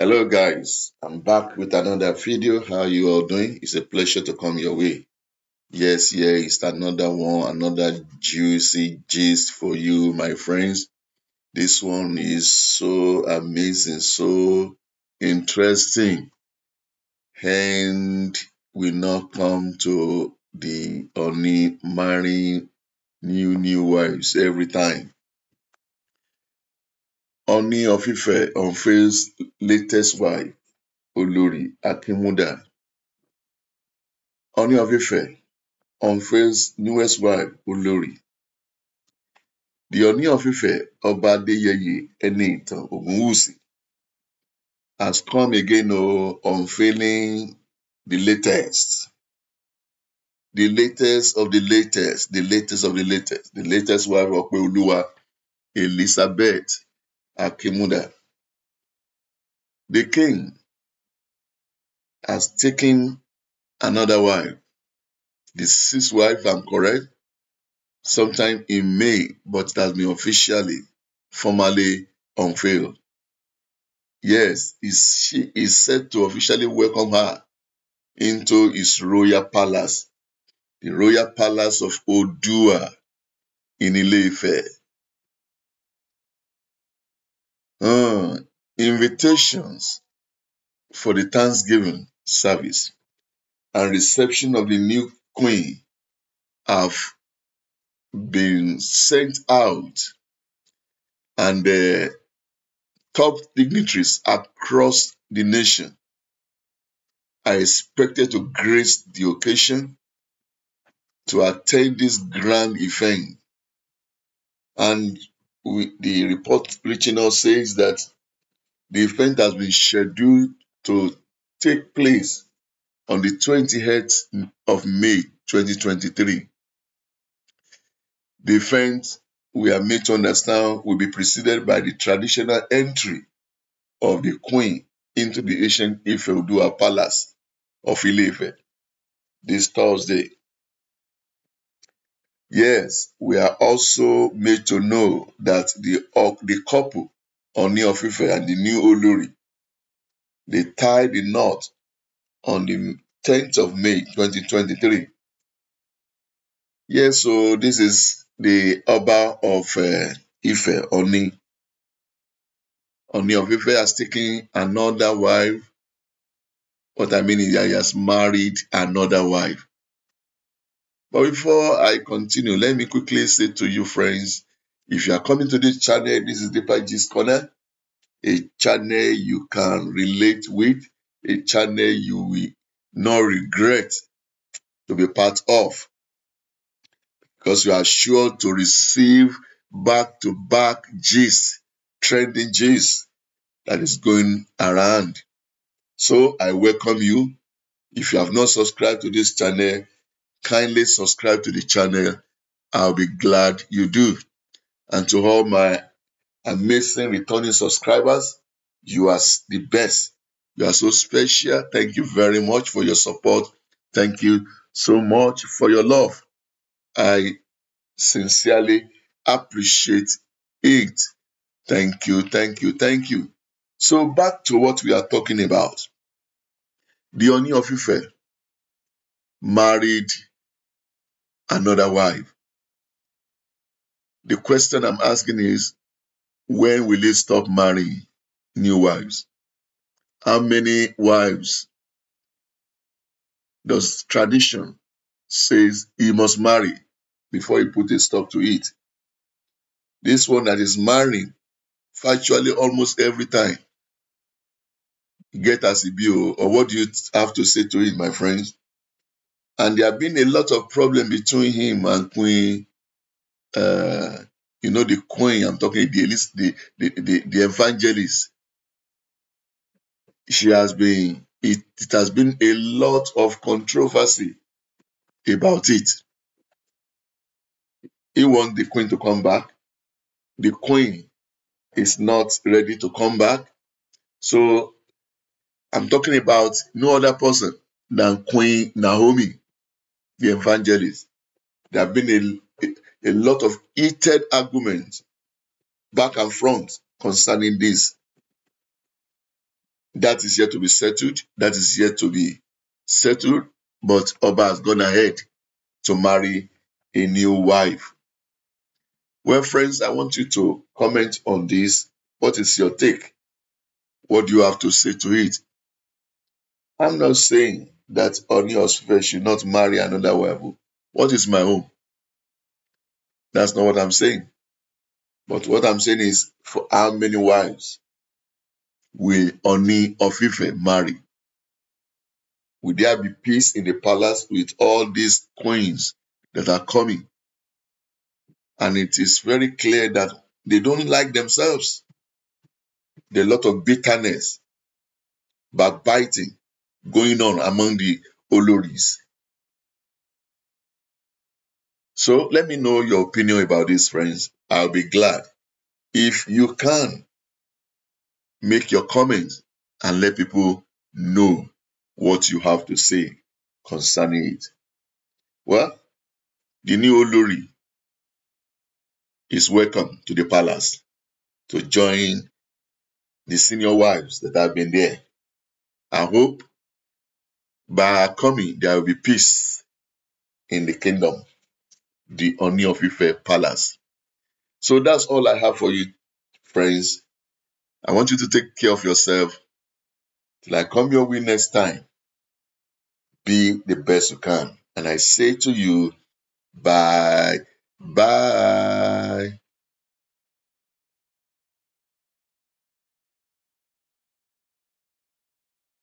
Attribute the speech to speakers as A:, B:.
A: Hello guys, I'm back with another video. How you all doing? It's a pleasure to come your way. Yes, it's another one, another juicy gist for you, my friends. This one is so amazing, so interesting. And we not come to the only marrying new new wives every time. Ọọ̀ni of Ife unveils latest wife Olorì Akínmúdà. Ọọ̀ni of Ife unveils newest wife Olorì. The Ọọ̀ni of Ife, Ọba Adéyẹyè Ẹniìtàn Ògúnwùsì has come again o, oh, unveiling the latest. The latest of the latest, the latest of the latest, the latest wife of Ọpẹ́olúwa Elizabeth Akimuda. The king has taken another wife, the sixth wife, I'm correct, sometime in May, but it has been officially, formally unveiled. Yes, is she is said to officially welcome her into his royal palace, the royal palace of Odua in ile uh, invitations for the Thanksgiving service and reception of the new queen have been sent out, and the uh, top dignitaries across the nation are expected to grace the occasion to attend this grand event and we, the report reaching us says that the event has been scheduled to take place on the 28th of May 2023. The event, we are made to understand, will be preceded by the traditional entry of the Queen into the ancient Ifeudua Palace of Ilefe this Thursday. Yes, we are also made to know that the, the couple, Oni of Ife and the new Olori, they tied the knot on the 10th of May 2023. Yes, so this is the Oba of uh, Ife, Oni. Oni of Ife has taken another wife. What I mean is he has married another wife. But before I continue, let me quickly say to you, friends, if you are coming to this channel, this is Deeper G's Corner, a channel you can relate with, a channel you will not regret to be part of, because you are sure to receive back-to-back G's, trending G's that is going around. So I welcome you. If you have not subscribed to this channel, kindly subscribe to the channel. I'll be glad you do. And to all my amazing returning subscribers, you are the best. You are so special. Thank you very much for your support. Thank you so much for your love. I sincerely appreciate it. Thank you, thank you, thank you. So back to what we are talking about. The Oni of Ife married another wife. The question I'm asking is when will you stop marrying new wives? How many wives does tradition says he must marry before he put a stop to it? This one that is marrying virtually almost every time. Get as a bill, oh. or what do you have to say to it, my friends? And there have been a lot of problem between him and Queen, uh, you know, the Queen, I'm talking the, the, the, the, the evangelist. She has been, it, it has been a lot of controversy about it. He wants the Queen to come back. The Queen is not ready to come back. So I'm talking about no other person than Queen Naomi the evangelist. There have been a, a lot of heated arguments back and front concerning this. That is yet to be settled. That is yet to be settled. But Oba has gone ahead to marry a new wife. Well, friends, I want you to comment on this. What is your take? What do you have to say to it? I'm not saying that Oni Osfe should not marry another wife. What is my home? That's not what I'm saying. But what I'm saying is, for how many wives will Oni Ofife marry? Will there be peace in the palace with all these queens that are coming? And it is very clear that they don't like themselves. There's a lot of bitterness, backbiting, going on among the Oloris. So let me know your opinion about this, friends. I'll be glad if you can make your comments and let people know what you have to say concerning it. Well, the new Olori is welcome to the palace to join the senior wives that have been there. I hope by our coming, there will be peace in the kingdom, the Oni of Ife palace. So that's all I have for you, friends. I want you to take care of yourself. Till I come your way next time, be the best you can. And I say to you, bye. Bye.